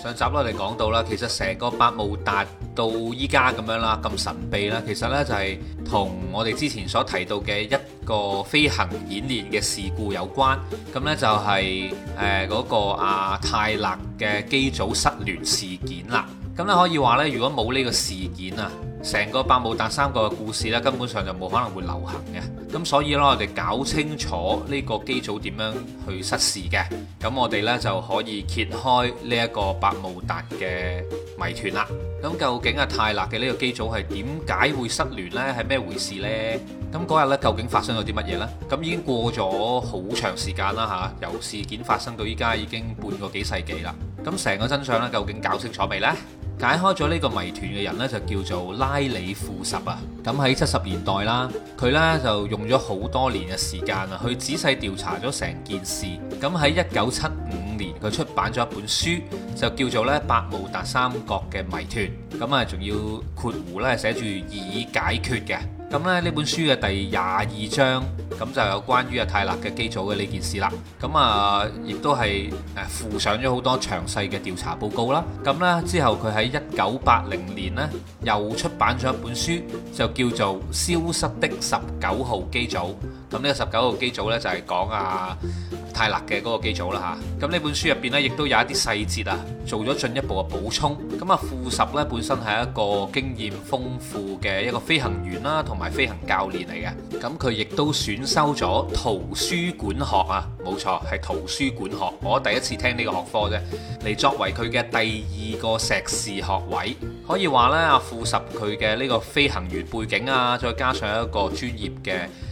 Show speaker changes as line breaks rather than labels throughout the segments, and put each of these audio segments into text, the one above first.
上集我哋講到啦，其實成個百慕達到依家咁樣啦，咁神秘啦，其實呢，就係同我哋之前所提到嘅一個飛行演練嘅事故有關。咁呢，就係誒嗰個阿泰勒嘅機組失聯事件啦。咁呢可以話呢，如果冇呢個事件啊。成個百慕達三角嘅故事咧，根本上就冇可能會流行嘅。咁所以咧，我哋搞清楚呢個機組點樣去失事嘅，咁我哋呢就可以揭開呢一個百慕達嘅謎團啦。咁究竟阿泰勒嘅呢個機組係點解會失聯呢？係咩回事呢？咁嗰日咧究竟發生咗啲乜嘢呢？咁已經過咗好長時間啦嚇，由事件發生到依家已經半個幾世紀啦。咁成個真相咧，究竟搞清楚未呢？解開咗呢個謎團嘅人呢，就叫做拉里富十啊！咁喺七十年代啦，佢呢就用咗好多年嘅時間啊，去仔細調查咗成件事。咁喺一九七五年，佢出版咗一本書，就叫做呢《百慕達三角嘅謎團》。咁啊，仲要括弧呢，寫住已解決嘅。咁咧，呢本書嘅第廿二章咁就有關於阿泰勒嘅機組嘅呢件事啦。咁啊，亦都係誒附上咗好多詳細嘅調查報告啦。咁咧，之後佢喺一九八零年咧，又出版咗一本書，就叫做《消失的十九號機組》。咁呢個十九號機組咧，就係講阿泰勒嘅嗰個機組啦嚇。咁呢本書入邊咧，亦都有一啲細節啊，做咗進一步嘅補充。咁啊，副十咧，本身係一個經驗豐富嘅一個飛行員啦，同同埋飛行教練嚟嘅，咁佢亦都選修咗圖書館學啊，冇錯，係圖書館學，我第一次聽呢個學科啫，嚟作為佢嘅第二個碩士學位，可以話呢，阿副十佢嘅呢個飛行員背景啊，再加上一個專業嘅，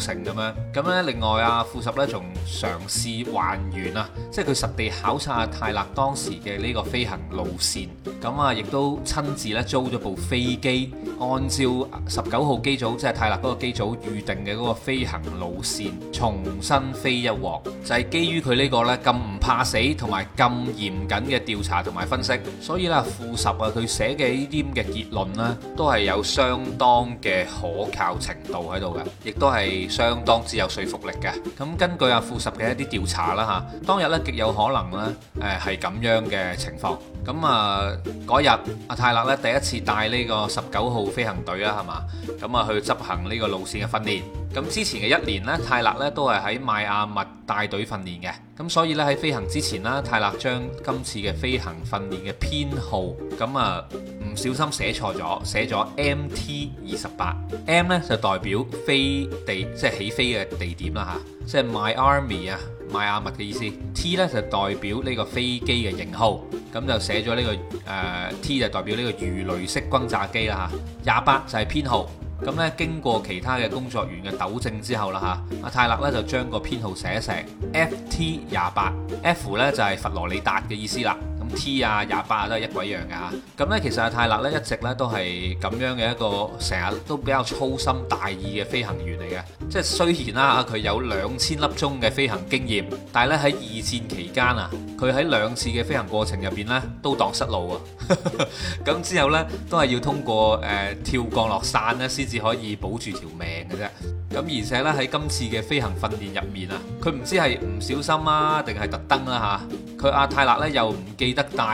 成咁樣，咁咧另外啊，富十咧仲嘗試還原啊，即係佢實地考察泰勒當時嘅呢個飛行路線，咁啊亦都親自咧租咗部飛機，按照十九號機組即係泰勒嗰個機組預定嘅嗰個飛行路線重新飛一鑊，就係基於佢呢個咧咁唔怕死同埋咁嚴謹嘅調查同埋分析，所以咧富十啊佢寫嘅呢啲咁嘅結論呢，都係有相當嘅可靠程度喺度嘅，亦都係。相當之有說服力嘅，咁根據阿富十嘅一啲調查啦嚇，當日咧極有可能咧，誒係咁樣嘅情況。咁啊嗰日阿泰勒咧第一次帶呢個十九號飛行隊啊，係嘛？咁啊去執行呢個路線嘅訓練。咁之前嘅一年咧，泰勒咧都係喺邁阿密帶隊訓練嘅。咁所以咧喺飛行之前啦，泰勒將今次嘅飛行訓練嘅編號，咁啊，唔小心寫錯咗，寫咗 M T 二十八。M 咧就代表飛地，即係起飛嘅地點啦嚇，即係 My Army 啊，邁阿密嘅意思。T 咧就代表呢個飛機嘅型號，咁就寫咗呢個誒，T 就代表呢個魚雷式轟炸機啦嚇。廿八就係編號，咁咧經過其他嘅工作員嘅糾正之後啦嚇，阿泰勒咧就將個編號寫成 F T 廿八，F 咧就係佛羅里達嘅意思啦。T 啊，廿八啊，都係一鬼一樣噶。咁咧，其實啊，泰勒咧，一直咧都係咁樣嘅一個成日都比較粗心大意嘅飛行員嚟嘅。即係雖然啦，佢有兩千粒鐘嘅飛行經驗，但係咧喺二戰期間啊，佢喺兩次嘅飛行過程入邊咧都蕩失路啊。咁之後咧，都係要通過誒跳降落傘咧，先至可以保住條命嘅啫。咁而且咧喺今次嘅飛行訓練入面啊，佢唔知係唔小心啊，定係特登啦嚇，佢阿泰勒呢，又唔記得帶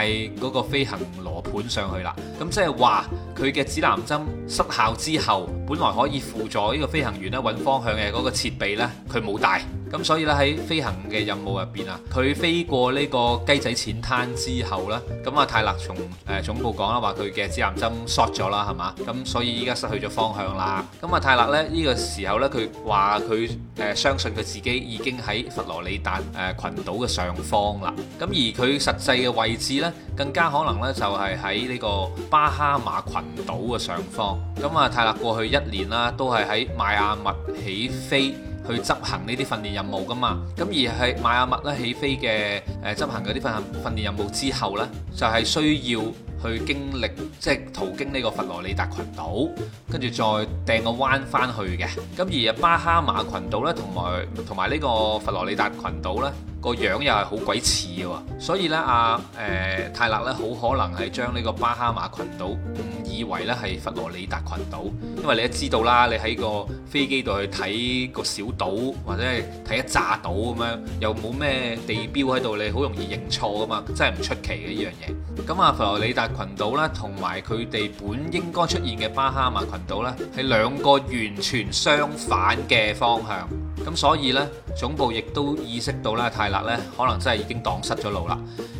嗰個飛行羅盤上去啦。咁即係話佢嘅指南針失效之後，本來可以輔助呢個飛行員揾方向嘅嗰個設備呢，佢冇帶。咁所以咧喺飛行嘅任務入邊啊，佢飛過呢個雞仔淺灘之後呢，咁啊泰勒從誒總部講啦，話佢嘅指南針 short 咗啦，係嘛？咁所以依家失去咗方向啦。咁啊泰勒呢，呢個時候呢，佢話佢誒相信佢自己已經喺佛羅里達誒群島嘅上方啦。咁而佢實際嘅位置呢，更加可能呢，就係喺呢個巴哈馬群島嘅上方。咁啊泰勒過去一年啦，都係喺邁阿密起飛。去執行呢啲訓練任務㗎嘛，咁而係邁阿密咧起飛嘅誒執行嗰啲訓訓練任務之後呢，就係、是、需要。去經歷即係途經呢個佛羅里達群島，跟住再掟個彎返去嘅。咁而巴哈馬群島呢，同埋同埋呢個佛羅里達群島呢，個樣又係好鬼似喎。所以呢，阿、啊、誒、呃、泰勒呢，好可能係將呢個巴哈馬群島誤以為呢係佛羅里達群島，因為你都知道啦，你喺個飛機度去睇個小島或者係睇一揸島咁樣，又冇咩地標喺度，你好容易認錯㗎嘛，真係唔出奇嘅呢樣嘢。咁阿、啊、佛羅里達。群島啦，同埋佢哋本應該出現嘅巴哈馬群島咧，係兩個完全相反嘅方向。咁所以呢，總部亦都意識到咧，泰勒呢，可能真係已經蕩失咗路啦。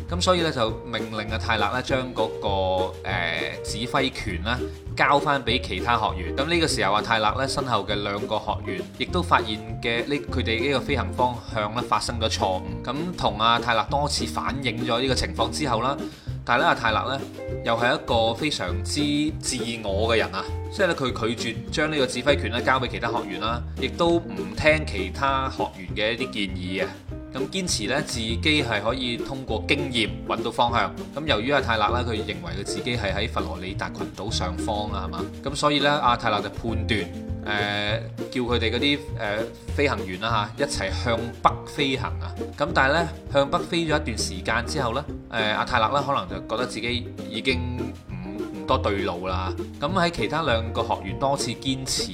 咁所以呢，就命令阿泰勒咧將嗰個誒、呃、指揮權啦交翻俾其他學員。咁呢個時候阿泰勒呢，身後嘅兩個學員亦都發現嘅呢，佢哋呢個飛行方向咧發生咗錯誤。咁同阿泰勒多次反映咗呢個情況之後啦。但係咧，阿泰勒咧又係一個非常之自，自我嘅人啊！即係咧，佢拒絕將呢個指揮權咧交俾其他學員啦，亦都唔聽其他學員嘅一啲建議啊。咁堅持咧自己係可以通過經驗揾到方向。咁由於阿泰勒啦，佢認為佢自己係喺佛羅里達群島上方啦，係嘛？咁所以咧，阿泰勒就判斷。誒、呃、叫佢哋嗰啲誒飛行員啦嚇，一齊向北飛行啊！咁但係呢，向北飛咗一段時間之後呢，誒、呃、阿泰勒呢可能就覺得自己已經。多對路啦，咁喺其他兩個學員多次堅持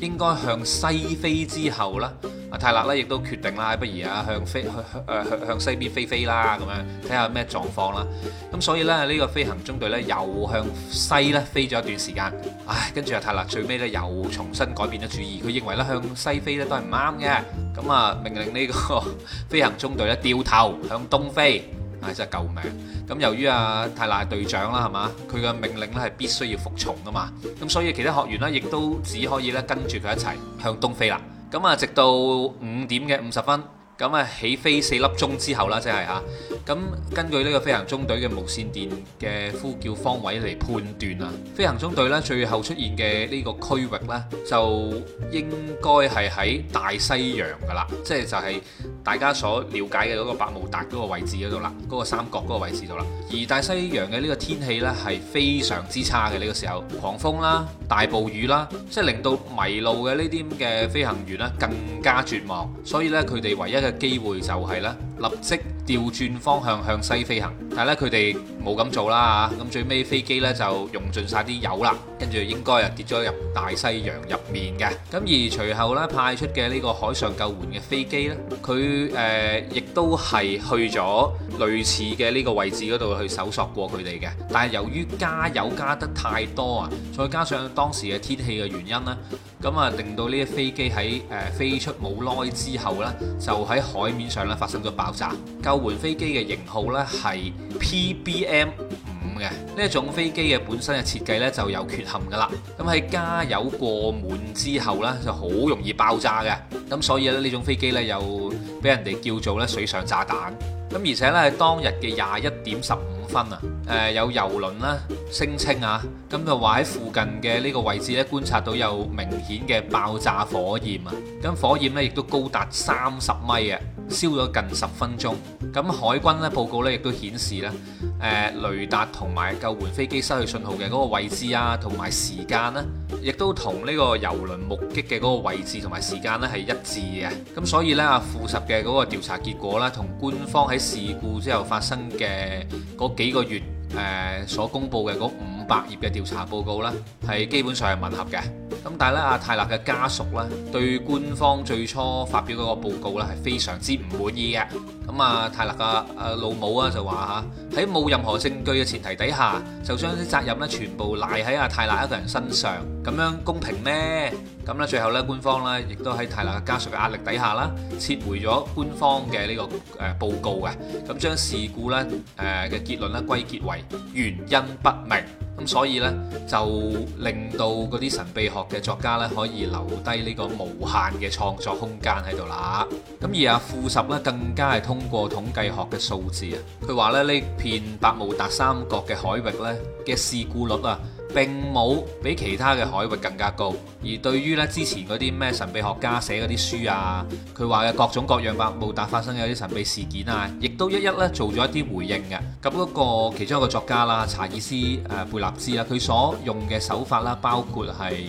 應該向西飛之後咧，阿泰勒咧亦都決定啦，不如啊向飛向向向西邊飛飛啦，咁樣睇下咩狀況啦。咁所以呢，呢、呢個飛行中隊呢又向西呢飛咗一段時間，唉，跟住阿泰勒最尾呢又重新改變咗主意，佢認為呢向西飛呢都係唔啱嘅，咁啊命令呢個飛行中隊呢掉頭向東飛。係真係救命！咁由於啊泰納隊長啦，係嘛？佢嘅命令咧係必須要服從㗎嘛！咁所以其他學員呢，亦都只可以咧跟住佢一齊向東飛啦。咁啊，直到五點嘅五十分。咁啊，起飛四粒鐘之後啦，即係吓，咁根據呢個飛行中隊嘅無線電嘅呼叫方位嚟判斷啊，飛行中隊咧最後出現嘅呢個區域咧，就應該係喺大西洋噶啦，即係就係大家所了解嘅嗰個百慕達嗰個位置度啦，嗰個三角嗰個位置度啦。而大西洋嘅呢個天氣咧係非常之差嘅呢個時候，狂風啦、大暴雨啦，即係令到迷路嘅呢啲咁嘅飛行員咧更加絕望，所以咧佢哋唯一嘅。機會就係啦，立即調轉方向向西飛行，但係咧佢哋。冇咁做啦嚇，咁最尾飛機呢就用盡晒啲油啦，跟住應該啊跌咗入大西洋入面嘅。咁而隨後呢，派出嘅呢個海上救援嘅飛機呢，佢誒、呃、亦都係去咗類似嘅呢個位置嗰度去搜索過佢哋嘅。但係由於加油加得太多啊，再加上當時嘅天氣嘅原因咧，咁啊令到呢啲飛機喺誒飛出冇耐之後呢，就喺海面上咧發生咗爆炸。救援飛機嘅型號呢，係 PBM。M 五嘅呢一種飛機嘅本身嘅設計咧就有缺陷噶啦，咁喺加油過滿之後呢，就好容易爆炸嘅，咁所以咧呢種飛機呢，又俾人哋叫做咧水上炸彈，咁而且呢，喺當日嘅廿一點十五分啊，誒、呃、有油輪啦聲稱啊，咁就話喺附近嘅呢個位置呢，觀察到有明顯嘅爆炸火焰啊，咁火焰呢，亦都高達三十米啊。燒咗近十分鐘，咁海軍咧報告咧亦都顯示咧，誒雷達同埋救援飛機失去信號嘅嗰個位置啊，同埋時間咧，亦都同呢個油輪目擊嘅嗰個位置同埋時間咧係一致嘅，咁所以咧啊，負十嘅嗰個調查結果咧，同官方喺事故之後發生嘅嗰幾個月誒所公佈嘅嗰五。百頁嘅調查報告呢係基本上係吻合嘅。咁但係咧，阿泰勒嘅家屬呢對官方最初發表嗰個報告呢係非常之唔滿意嘅。咁啊，泰勒嘅啊老母啊就話嚇。喺冇任何證據嘅前提底下，就將啲責任咧全部賴喺阿泰勒一個人身上，咁樣公平咩？咁咧最後咧，官方咧亦都喺泰勒嘅家屬嘅壓力底下啦，撤回咗官方嘅呢個誒報告嘅，咁將事故咧誒嘅結論咧歸結為原因不明，咁所以咧就令到嗰啲神秘學嘅作家咧可以留低呢個無限嘅創作空間喺度啦。咁而阿副十咧更加係通過統計學嘅數字啊，佢話咧呢。片百慕大三角嘅海域呢，嘅事故率啊，並冇比其他嘅海域更加高。而對於呢之前嗰啲咩神秘學家寫嗰啲書啊，佢話嘅各種各樣百慕大發生嘅啲神秘事件啊，亦都一一呢做咗一啲回應嘅。咁、那、嗰個其中一個作家啦，查爾斯誒貝納茲啦，佢所用嘅手法啦，包括係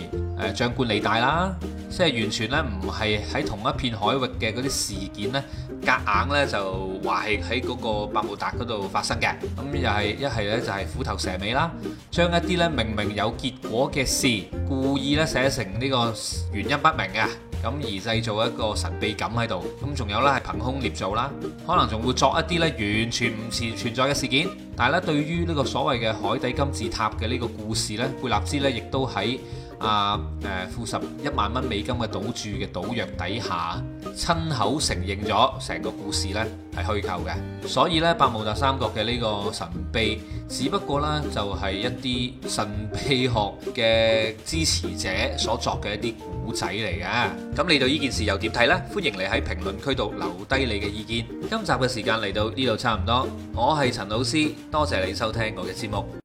誒將冠利大啦，即係完全呢唔係喺同一片海域嘅嗰啲事件呢。夾硬咧就話係喺嗰個百慕達嗰度發生嘅，咁又係一係咧就係虎頭蛇尾啦，將一啲咧明明有結果嘅事故意咧寫成呢個原因不明嘅，咁而製造一個神秘感喺度。咁仲有咧係憑空捏造啦，可能仲會作一啲咧完全唔似存在嘅事件。但係咧對於呢個所謂嘅海底金字塔嘅呢個故事咧，貝納茲咧亦都喺。啊！誒，負十一萬蚊美金嘅賭注嘅賭約底下，親口承認咗成個故事呢係虛構嘅，所以呢百慕大三角嘅呢個神秘，只不過呢就係一啲神秘學嘅支持者所作嘅一啲古仔嚟嘅。咁你對呢件事又點睇呢？歡迎你喺評論區度留低你嘅意見。今集嘅時間嚟到呢度差唔多，我係陳老師，多謝你收聽我嘅節目。